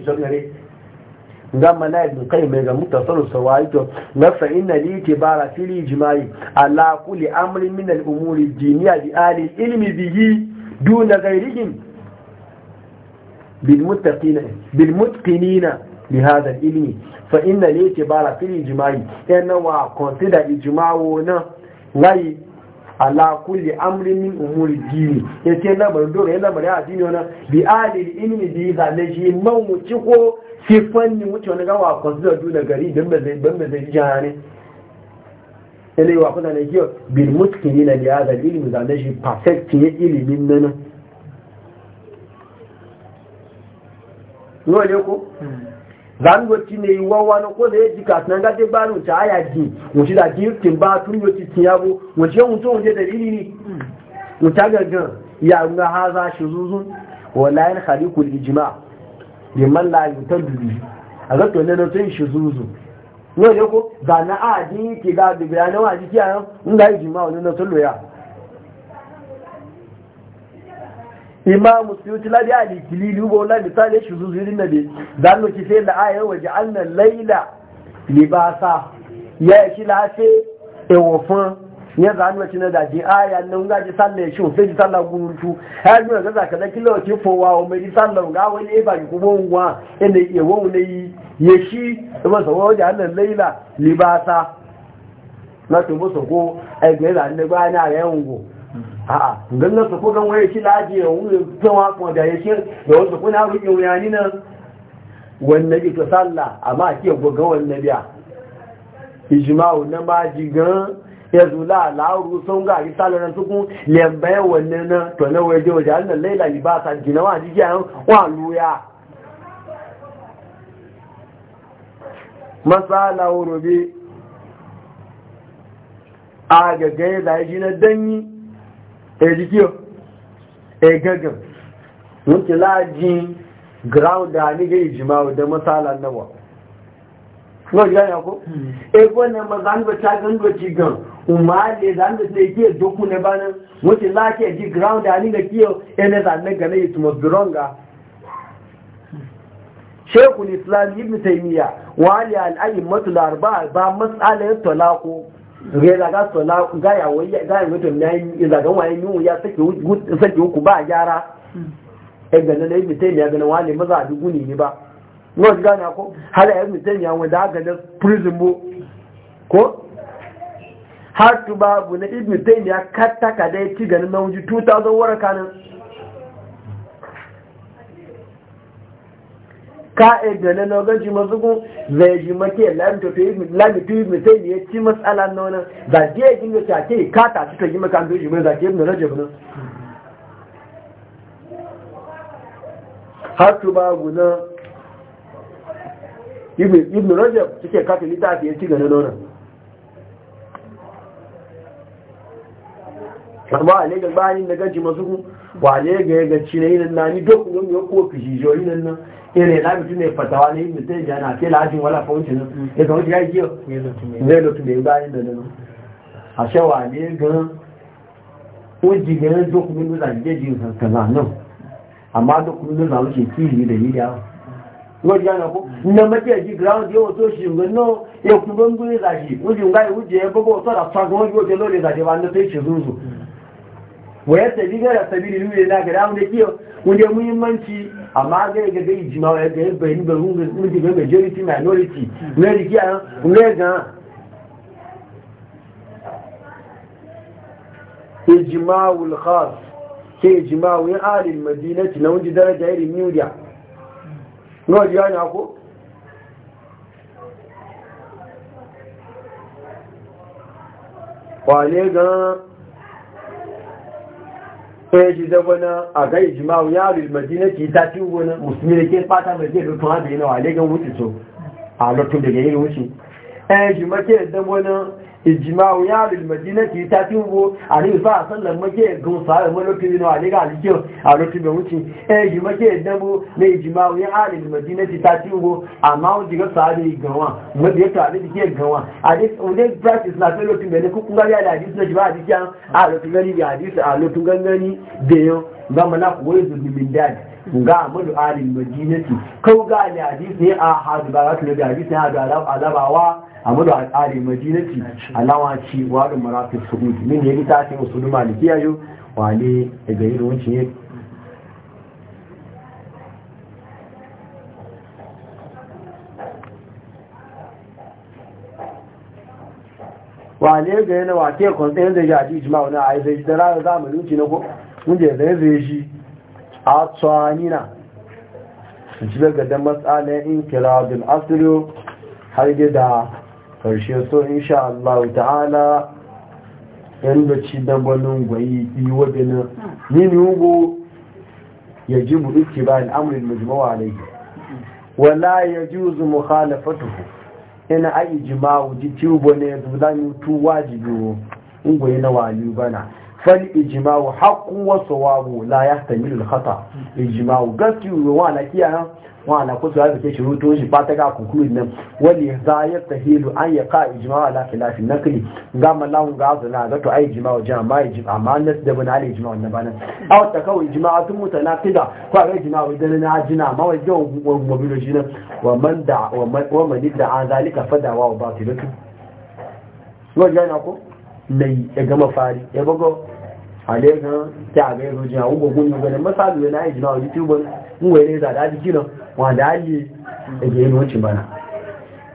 gama na ibn kai mai ga mutasaru sawaito na fa inna li tibara fil ijma'i ala kulli amrin min al umuri diniya bi ali ilmi bihi duna ghairihim bil muttaqina bil mutqinina li hadha al ilmi fa inna li tibara fil ijma'i yana wa consider ijma'u na ngai ala kulli amrin min umuri dini yace na bar dole yana bari a dini wannan bi ali ilmi bi zalaji mawuci ko sai fanni wuce wani gawa kwanzu da duna gari don ba zai jiha ne ilai wa kuna na kiyo bil mutkini na biya da ilimi zane shi perfectin ya ilimin nan yau hmm. ne ko zangoci ne wawa na ko da ya ji kasu nan gaje ba nuta aya ji wuce da jirkin ba tun yau titin ya bu wuce yau mutum wuce da ilimi hmm. wuta gangan ya nga haza shi zuzun wala yin halikul ijima' liman la yutar dubi a zato ne na tun shi zuzu ne ne ko ga na a ke ga dubi na wa ji kiyayen in da yi jima wani na tun loya imamu suyuti labi a likili lubo la misali shi zuzu yi nabi bi za mu ki sai la'ayar waje annan laila libasa ya yi shi lafe ewofin ya za hannu wacce na daji aya ah, nan ga ji sallah ya shi sai ji sallah gurutu ya ji ga za ka zaki lawace fowa o mai ji sallah ga wani ya baki kuma wa inda ya wau ne yi ya shi kuma sa wajen hannun laila libasa na tumbu sa ko ai ga yana ne ba na ga yango a'a ngan na su ko gan waye shi laji ya wuri tawa ko da ya shi da wasu kuna ruke wuyani nan wannan ita sallah amma ke gogan wannan biya ijma'u na maji gan ya zula la'aru sun ga yi salonan tukun lembaye wannan na to na waje waje an nan laila ba sa jina wa jiki a wa luya masala bi a gaggaye da shi na danyi a e jiki a e gaggan wuce laji ground da ni ga ijima da masala nawa. Wọ́n yára kó? Hmm. Ego na mazan ta gan ci gan umar da zan da sai ke doku ne banan wace lake ji ground e ani ga kiyo ene zan ne gane it must be wrong Sheikh al-Islam Ibn Taymiyyah wa ali al-a'immatu al-arba'a ba mas'alan talaqo ga da ga talaqo ga ya wai ga ya mutum nayi da ga wai mu ya sake sake ku ba gyara e ga nan Ibn Taymiyyah ga wani maza dugu ne ba ngo ga na ko hala Ibn Taymiyyah wanda ga da prison ko har babu na ibn taimi ya katta da ya ci ganin na wuji 2000 waraka nan ka e da na gaji masu kun zai ji make lamitu ibn taimi ya ci matsala na wani zage ya gina take kata su ta yi maka ando shi mai zage ibn rajab nan har babu na ibnu rajab suke kata littafi ya ci ganin na wani amma a lega da gaji masu ku wa lega ya gaci na yinan nani duk don ya kofi jijo yinan nan irin na mutum ne fatawa na mutum da ya na sai lajin wala fauci nan ya kawo ya yi ne da tume bayan da nan a shawa ne gan oji gan duk mun da zanje jin kaza nan amma duk mun da zamu kiri da yi ya wọ́n yára kó nnamdi ẹ̀jí ground yóò tó ṣì ń ná ekun gbẹ́ngbẹ́ ìlàjì ojú ń gáyé ojú ẹ gbogbo da àtàgbọ́n yóò jẹ lórí ìlàjì wa ní yi ṣe lóṣù wayar da bigara sabili lule na ga damu da kiyo wanda muhimmanci amma ga ga ga ijima wa ga yabba ni ba runga mutu ga majority minority ne da kiya ne ga ijma'ul khas ke ijma'u ya alil madinati na wanda daraja irin miudiya no ji ana ko kwale ga ko ya ji zabana a ga ijma'u ya ril madina ki ta ci gona musulmi da ke fata mai ke rutun hada yana wa legan wuce so a lotun daga yin wuce eh jima ke zabana ìjìmáwò yá àrìlmẹ̀dí lẹ́kì ìta tí ó wo àríwífà àsánlẹ̀ mọ́jẹ́ ẹ̀gùn sàárẹ̀ mọ́ lókèrè náà àríkà àríkẹ́ àrókèrè òunci ẹ̀yìn mọ́jẹ́ ẹ̀dẹ́gbó ní ìjìmáwò yá àrìlmẹ̀dí lẹ́kì ìta tí ó wo àmá practice ga amalu alil madinati kau ga ne hadisi a hadu ba za ta ne da hadisi a hadu alabawa amadu a tsari majinati alawaci warin marafin suhudi min ya gita ce wasu duma da kiyayo wale gari yi wancan ya wale ga yana wake kwanse yadda ya ji jima wani a yi zai da rana zamani wuce na ko wunde zai zai shi a tsanina a daga da matsalin inkirabin asiriyo har gida karshe so insha Allah ta'ala yan da ci dabalin gwayi biyu Ni mini hugo ya ji mu duki ba al'amurin majmawa alaihi wala ya ji uzu fatuhu. ina ayi jima'u ji tubo ne yi tu wajibi ngwayi na wani bana fal ijma'u haqqu wa sawabu la yahtamilu al-khata ijma'u gaskiyu wa na kiyaye wa ala kutu ya shi, shuruto shi ba ta ga conclude nan wani za ya tahilu an ya ka ijma ala khilafi nakli ga mallahu ga zuna ga to a ijma wa jama'a ijma amma nas da bana ali ijma wannan bana A ta kawai a tun ijma'atun mutanaqida ko a ga ijma wa dan na ajina ma wa jawu mabilo shi nan wa man da wa man da an zalika fadawa wa ba batilatu lo jana ko nayi ya gama fari ya bago ale kan a ga rojiya ugo gunyo ga masalu na ijma wa youtube mun wele da da jikin wanda ake da ke yin wuce bana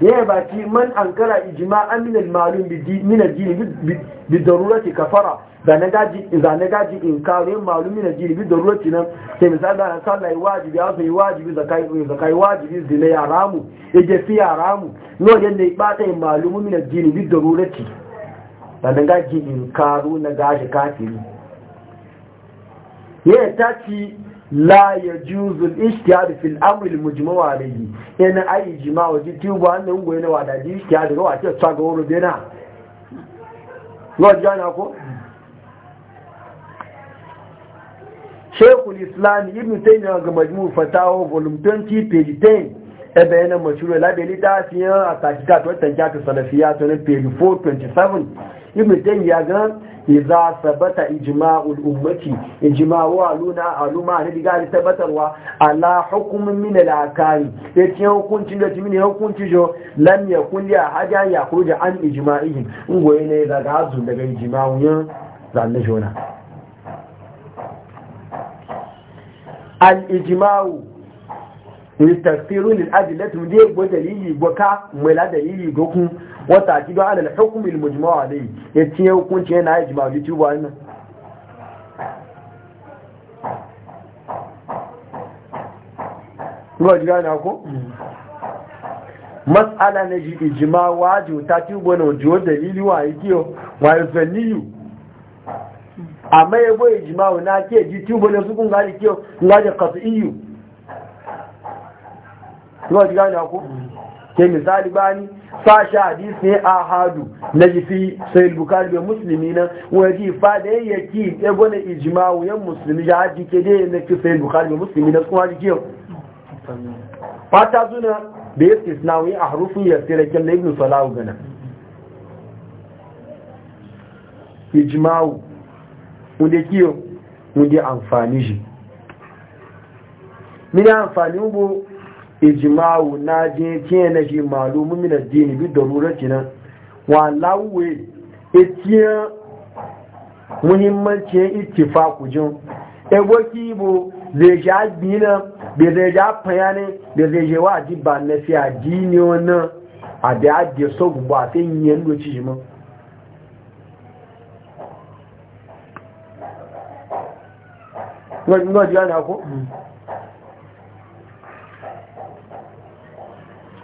ya yi baki man an kara ijima aminal malum min jini bi darurati kafara da na gaji in na gaji in kare malum min jini bi darurati nan sai misali da sallai wajibi ya sai wajibi zakai wajibi zile ya ramu yaje fi ya ramu no yanda ya bata yin malum min jini bi darurati da na gaji in karu na gaji kafiri ya ta ci la ya juzul ishtihad fil amr al mujma' alayhi yana ai ijma wa ji tubu annan goyi na wada ji ishtihad ga wace ta ga wuro lord jana ko Sheikhul Islam Ibn Taymiyyah ga Majmu' Fatawa volume 20 page 10 e bayanan mashuru labeli fiye a tajita to tajita salafiyya to na page 427 ibn taymiya ga idza sabata ijma'ul ummati ijma'u aluna aluma ne diga da batarwa ala hukumin min al-akari yace hukunci da jimi ne hukunci jo lam yakun ya haja ya kuje an in ngoye ne daga azu daga ijma'u zanne jona al-ijma'u ويستغفرون الأدلة مديك ودليل وكا ملا دليل يقوكم وتعتيد على الحكم المجموع عليه يتيه وكون شيئا عايز مع اليوتيوب na ji ijima waji ta ti wani ojiwo dalili wa yi kiyo wa yi feniyu. Amma yabo ijima na yau ji gane ku ke misali bani sashi hadisi ne a hadu na jifi sai bukari bai musulmi nan da fada yaki ya gwada ijima yan musulmi ya haji ke dai na ki sai bukari bai musulmi nan kuma haji kiyo fata zuna da ya istisnawi a harufin ya tsira kyan na ibnu salahu gana ijma'u wunde kiyo wunde amfani shi mini amfani ubu ijimawu na je tiye na shi malumin min addini bi darurati nan wa lawwe etiye muhimmanci ittifaku jin ego kibo zai ja gbina da zai ja fayani da zai je wa na fi addini wannan a da ajiye sogun ba sai yin ma ọ̀nà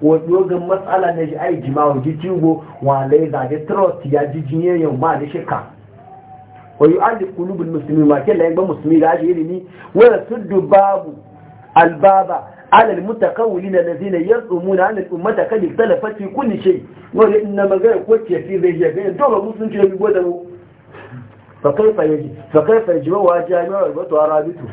ga matsala na shi aiki ma wa jijji go wale zage trust ya jijji ne yau ma da shirka wa yi alif kulubin musulmi ma ke layin ba musulmi da ake yi ne wadda su dubabu albaba alal mutakawuli na nazi na yan tsumu na hannun umarta kan yi talafaci kunishe wadda ina magana ko ke fi zai yaga yin dole musulunci da bigo da mu fakaifa yi jimawa jami'a wadda wata rabitu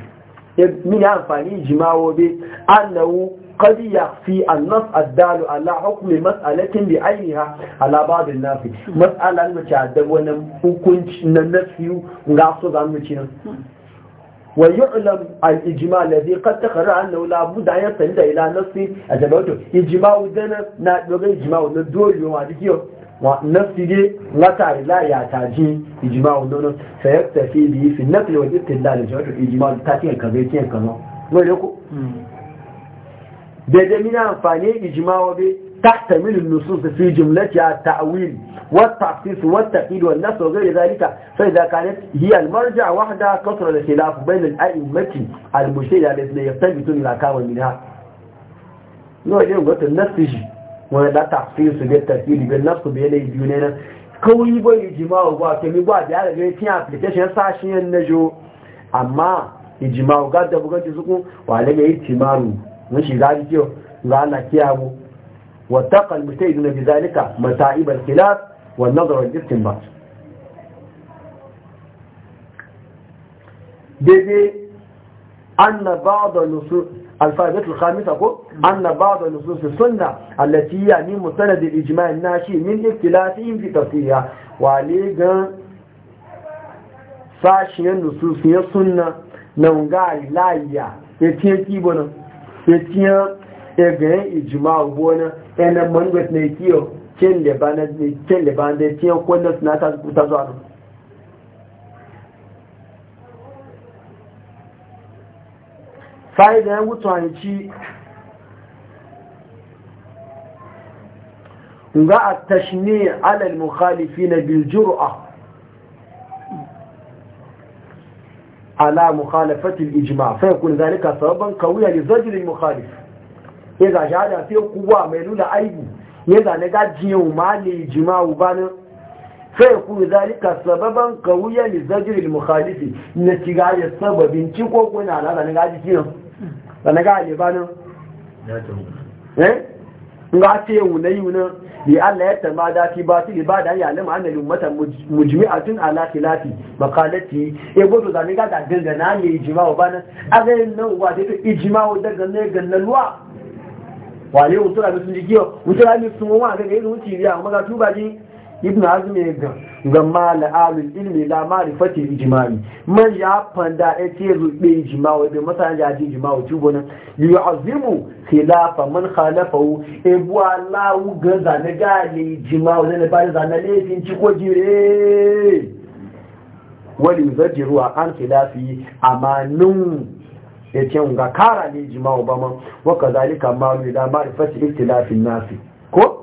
min amfani jimawa be annawu قد يخفي النص الدال على حكم مسألة بعينها على بعض الناس مسألة المتعدد ونكون نفسي ونعصد عن متنا ويعلم الإجماع الذي قد تقرر أنه لا بد أن يستند إلى نص أجمعته إجماع ودنا نعلم إجماع ودول يوم عدكيه nafsi dai mata la ya taji ijma'u nono sayaktafi bi fi nafli wa istidlal jawatu ijma'u ta ce kaza ce kaza wai ko daidai mina amfani ijima wa bai nusus fi jumlati at-ta'wil wa at-ta'sis wa at-ta'wil wa nasu ghayr dhalika fa idha kanat hiya al wahda kasra al-khilaf bayna al-a'immati al-mujtahid alladhi yaftabitu ila kawa minha no yau gata nasiji wa da ta'sis da ta'wil bil nasu bi yadi dunena kawai ba ijima wa ba kemi ba da ga tin application sa shi najo amma ijima ga da bugan zuku wa da ijima مشي غادي كيو غالا كيابو واتقى في ذلك متاعب الخلاف والنظر والاستنباط بيجي أن بعض النصوص الفائدة الخامسة أن بعض نصوص السنة التي هي من مستند الإجماع الناشئ من اختلافهم في تفسيرها وعليك ساشي النصوص السنة نونغاري لايا يتيكي بنا ya tiya ya ga yan ijima a gona yana mangat na kiyo ken liban da tiya suna ta kuta zuwa nan fa'ida ya mutu nga ga a tashni alal mukhalifi na biljur'a ala mukhalafatil ijma fa yakun zalika sababan qawiya li zajr al mukhalif idza jada fi quwa mai lula aibu yadda na gajiyan ma ne ijma ubanin fa yakun zalika sababan qawiya li zajr al mukhalif na tiga ya sababin ci ko ko na ala na gaji kiyo na gaji banin eh nga ce bi Allah ya da fi ba ba da ya lama annal ummata mujmi'atun ala khilafi maqalati e gudu da ni ga da gangana ne ijma'u bana aga nan wa da to ijma'u daga ne wa wale wutura bi sun jikiyo wutura bi sun wa ga ga irin wuci biya amma ga ji ibn azmi ya ga ga mal alul ilmi la ma'rifati ijma'i man ya fanda ya ce rubbe ijma'u da masan ya ji ijma'u tubo nan yu'azimu khilafa man khalafahu e bu Allahu ga zane ga ne ijma'u ne ba zane ne fin ci ko jire wali zajiru an khilafi amanun ya ce ga kara ne ijma'u ba man wa kazalika malu ila ma'rifati ikhtilafin nasi ko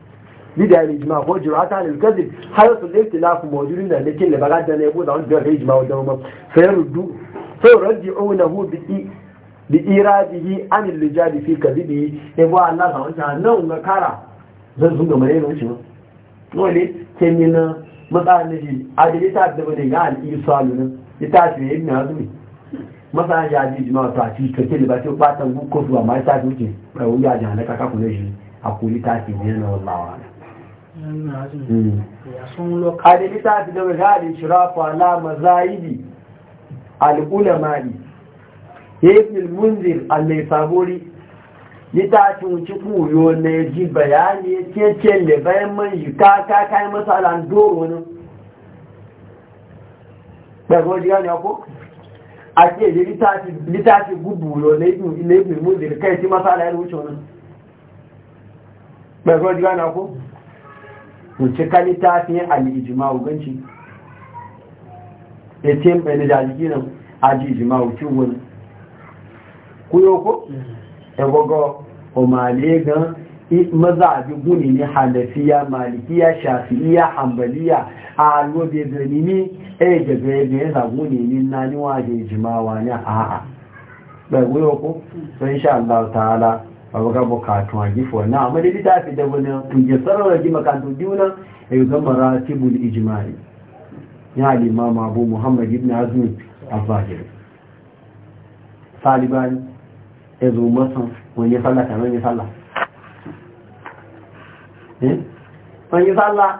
bid'a da ijma ko jurata al kadhib hayatu al ikhtilaf mawjudun da lakin la bagad da yabo da wanda bai ijma da mu fayaruddu fayarji'unahu bi bi iradihi an al lijadi fi kadhibi yabo Allah ta wanda nan ga kara zan zunga mai ne wuce dole kemina matsayin adili ta da bane ga al isalu ita ce ibn azmi masa ya ji ijma ta ci to ke ba ta batan ko ko ma ta duke ba wuya da halaka ka kula shi akuli ta ce ne na wallahi a da ta fi daga gari shirafa la mazaibi al'ulamani ya yi filmunzir allai sabori ya ta ci wuce kuyo na ya ji bayani ya cece da bayan man yi kaka kayan masa alandoro ne ɗago da na yi kai ci masa alayen wuce wani ɗago ji na ako wuce ka littafin al'ijima uganci ya ce mai na jajiki nan aji ijima wuce wani kuyoko egogo omale gan mazabi guni ne hanafiya malikiya shafi'iya hambaliya a lobe gani ni e daga yadda ya zagu ne ni na niwa da ijimawa ne a'a bai kuyoko sun sha Allah ta'ala abuga bukatu a gifo na amma da ta fi da wani tuje sarara ji makantu juna ya yi zama ratibul ijimari ya limama abu muhammad ibn azmi a zahiri salibani ya zo masan wani sallah kan wani sallah eh? wani sallah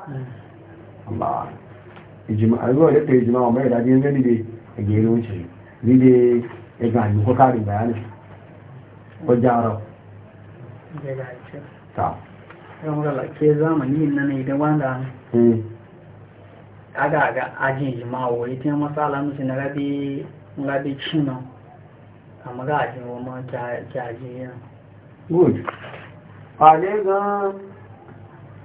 allah ijimari zuwa yadda ijimari mai daji yin gani dai a gero wuce ni dai ya gani ko karin bayanin ko jarar daga ga ta ke zamani na ne da wanda hmm. aga ga ajin jima'a wai ta masala musu na rabi rabi cino amma ga ajin wama kyaji yan good a ga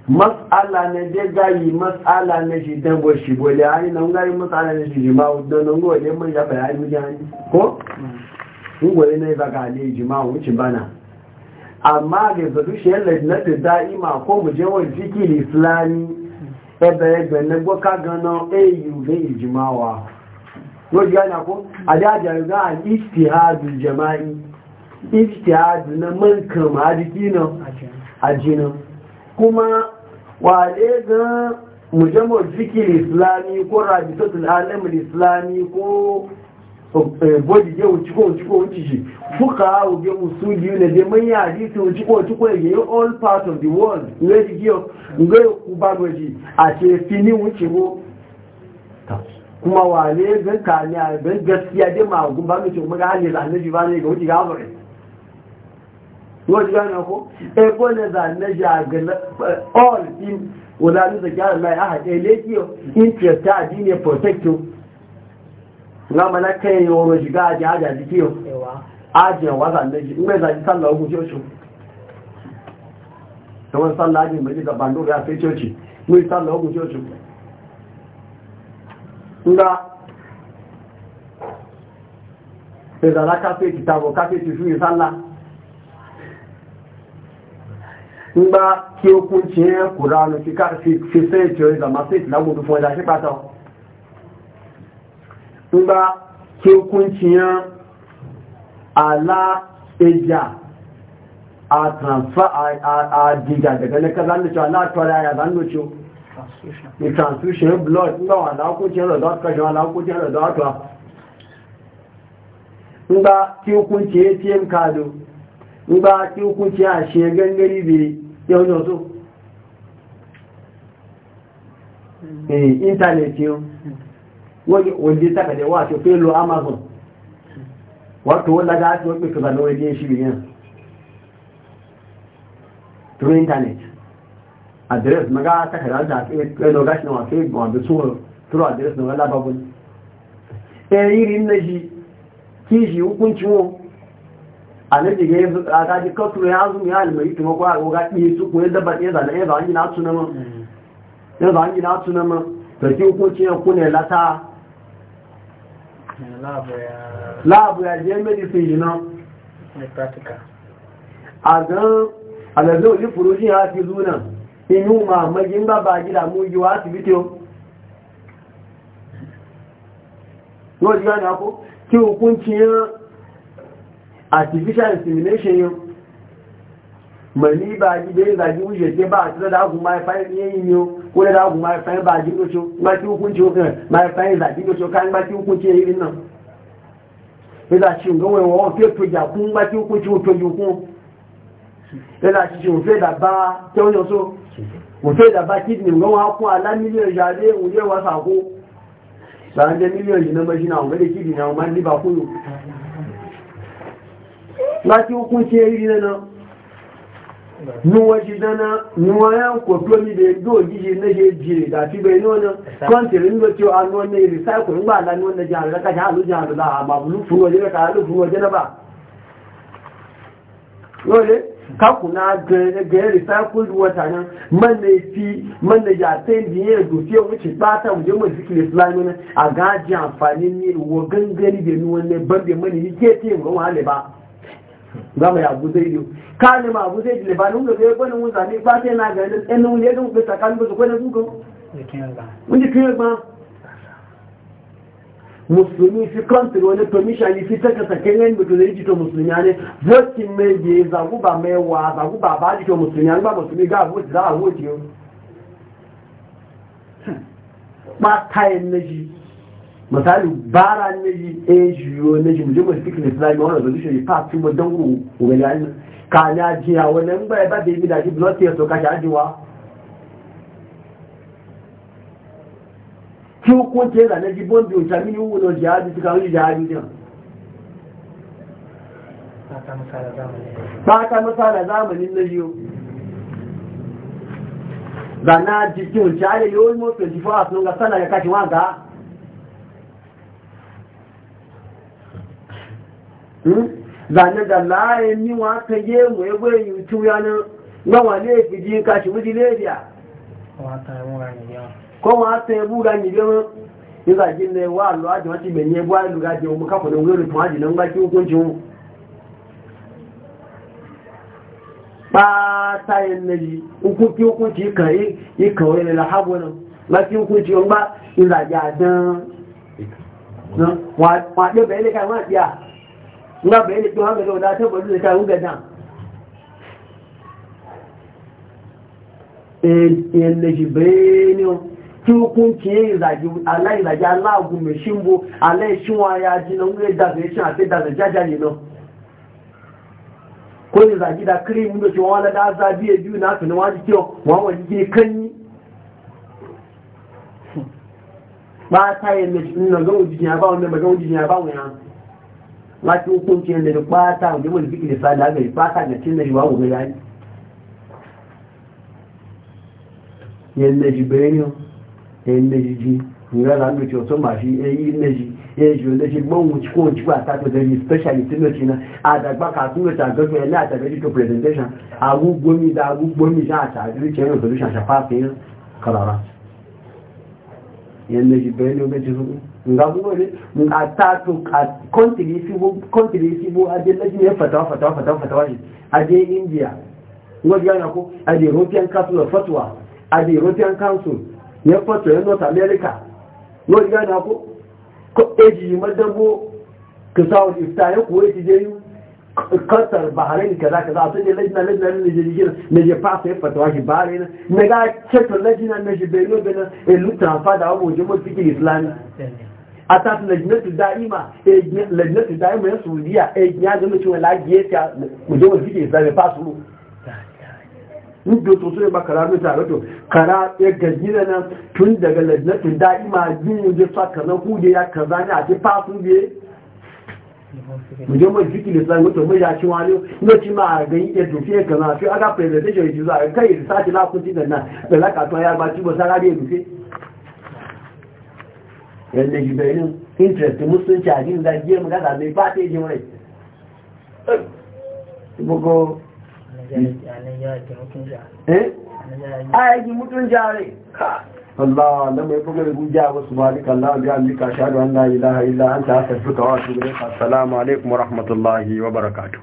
matsala na gayi matsala shi dan bo shi bole ani nan gayi matsala na shi jima'a don nan go ne mun ya bayani ko hmm. ne ba ga ne bana amma resolution legislative da'ima ko mu je wa fikir islami ẹbẹ̀ ẹgbẹ̀ nẹgbọ́ká ganan au ní ìjìmáwa lójú gánà kó adájà ìgbà ìfìhàdù jama'i ìfìhàdù na mọ́nkàn máa jikí na àjínà kuma wà lé gan mujamọ̀ fikir islami ko rabisatul alamul islami ko bọ́dì jẹ́ òtíkò òtíkò òtíṣì fúkà ògbé òsúlì ilẹ̀ jẹ́ mẹ́yìn àdíṣì òtíkò òtíkò èyí all part of the world lẹ́dí jẹ́ ǹgbẹ́ òkúbágbẹ̀jì àti èfi ní ko. kuma wà ní ẹgbẹ́ kàní àgbẹ́ gẹ́síyà dé máa gún bá mẹ́tò mẹ́gá lè rà ní ìbá ní ìgbà òjì gáàbọ̀ rẹ̀ wọ́n ti gáàbọ̀ kó ẹgbẹ́ ní ẹ̀zà nẹ́jà àgbẹ̀lẹ́ all team wọ́n lá ní ìzẹ̀kí àrẹ̀ láì áhà ẹ̀lẹ́kí interest àdínì protective nga mana kai yoro shiga aji aja jiki yau aji wa zanne ji mai zaji sallah sallah aji ga bando ya sai coci mai sallah hukun coci nga sai zara kafe ti fi sallah okun fi o ngba ke kunciyan ala eja a transfer a diga daga na kaza da cewa ala tuwara ya da ciwo the transfusion blood ngba wa lakunciyar da dot su kashe wa lakunciyar da dot su ngba ke kunciye atm card ngba ke kunciye a shi gangari bai yau yau so internet yau wanda takade wa to fe lo amazon wato wanda ga to be to da no yin shi biyan through internet address maga takada da ke lo gashi na fe go da so through address no la babu eh irin ne shi ki shi hukunci wo anabi ga yanzu a gaji kasu ya zo ya almai kuma ko a ga ɗi su ko yadda ba ɗaya zana yanzu an gina su na ma yanzu an gina su na ma to ki hukunci ya kune lata láàbù ẹ̀jẹ́ mẹ́dísìn yìí náà àgán àlẹ́lẹ́ òní fòrò sí ha ti lúnà inú ma mẹ́jì ń bàbá àjílà mú yíò á ti bítí o wọ́n ti gbáni akó tí òkun ti yán artificial insemination yán mẹ̀ ní ibà àjíbẹ̀ ìgbàjí wúṣẹ̀ bá àti lọ́dá ko da dawo ma fa ba ji docho ma ki hukunci ko ma fa za ji docho kan ma ki hukunci yi nan be da shi ngo wo fi to ja kun ma ki hukunci to ju kun be da shi o fe da ba te o so o fe da ba kidney ngo ha ku ala miliyan jade o je wa sa ko sa je miliyan ni na ma shi na o be de kidney na o ma ni ba ku yo ma ki hukunci yi nan nuwa shi dana nuwa ya do gije na je jire da fi bai nuna kwantirin da cewa an nuna ne recycle in ba na nuna jihar da kashi halu jihar da a mabulu fun waje da ka halu fun waje na ba yole kaku na ga ya recycle wata nan man na fi man na ya ta yi ya dofiya wuce ba ta wuje mai zikir islami na a gaji amfani ni wa gangani da nuwa ne ban bai mani ni ke te yin ba gama ya abu zai yi kane ma abu zai yi libanin da zai gwanin wun zane ba sai na ganin ɗanin wun ya gan kuɓe tsakanin ba su kwanan su gan wani kiyar ba musulmi fi kwantar wani permission yi fi taka sakin yan mutu zai jito musulmi ne votin mai je zagu ba mai wa zagu ba ba jito musulmi ba musulmi ga za a wuce? yau hm. ba tayin na ji misali bara ne yi ejiyo ne ji mujimin cikin islami wani resolution yi fati wa don wani ka ni ajiya wani n gbaya ba da yi gidaji blood tears to kashi ajiwa tí ó kún tí ẹ̀rà lẹ́jí bọ́ǹdì òjá mí ní wùn lọ jihadi tí káwọn jihadi jẹ́ pátá mọ́sára zamani na yíó zana jí tí òjá yẹ yóò mọ́ 24 àtúnga sálàyẹ káṣíwá gáà Hmm? zane da layin ni wa ta ye mu ya e gwe yi tu ya nan ga wa ne fi ka shi wuji lebiya e ko wa ta yi e na ni biya yi za ji ne wa lo aji wata bai ne buwa luga je mu ki ba ta na ji hukunci hukunci ka yi kawai ne la hagu nan ba ki hukunci ba dan wa nga bai da kiwa daga wadatar ba da ta wuga da yan na shi bai ne tukun ki yi zagi Allah yi zagi Allah gu mai shimbo Allah yi shinwa ya ji na wuri da zai shi a fi da zai jajaye nan ko yi zagi da kiri mun da cewa wani da aza ya biyu na tunan wani kyau wani wani ke kanyi ba ta yi na ga wajen ya ba wani ba ga wajen ya ba wani láti ó kún tiẹ̀ lẹ́nu pátá òní wọ́n ìbí kìlìfà lágbẹ̀rẹ̀ pátá àgbẹ̀tí lẹ́nu wà wọ́n yáyí yẹn lẹ́jì bẹ́ẹ̀yọ yẹn lẹ́jì jí ìrẹ́ lágbẹ̀tí ọ̀tọ́ màá fi ẹyí lẹ́jì ẹjù lẹ́jì gbọ́hùn tí kò jí wà tápẹ́ lẹ́jì special tìlọ̀tì náà àdàgbà kàtúnlọ̀tì àgbẹ̀fẹ̀ ẹ̀lẹ́ àtàgbẹ̀jì tó presentation agúgbómìdá agúgbómìdá àtàgbẹ̀jì tẹ̀yìn solution ṣàfáàfin kàlàrà yẹn lẹ́jì bẹ́ẹ̀yọ bẹ́ẹ̀ ti fún ngagore atatu kontilisibu aje lajin ya fatawa fatawa fatawa fatawa ne aje india ngwa gana ko aje european council of fatwa aje european council ya fatwa ya north america ngwa gana ko ko eji madabo ka sawo ifta ya kuwa ti je yu kasar baharin kaza kaza sun je lajina lajina lajina lajina ne je fasa ya fatawa shi bahrain ne ga ceto lajina ne shi bai lobe na elu e transfer da abubuwan jimar fikin islami atas lajnatu daima e lajnatu daima ya saudiya e ya zama cewa lagiye ta kuje wani zabe fasu duk da to sai ba karatu tare to kara ya gajira nan tun daga lajnatu daima jin je fa kana kuje ya kaza ne a ce fasu biye muje mai da tsarin mutum mai yaci wani na ci ma ga yi eto fiye kana fi aga presentation yi zuwa kai sa ci na da nan da laka ya ba ci ba sa rabe dufe yadda shi bai interest musulunci a jini zai yi magana mai fata ya ji mai bugu a yaki mutunci a rai Allah na mai bugu da wasu malika Allah ya amurka shaɗu an na ilaha illa an ta haka suka wasu gudu assalamu alaikum wa rahmatullahi wa barakatu.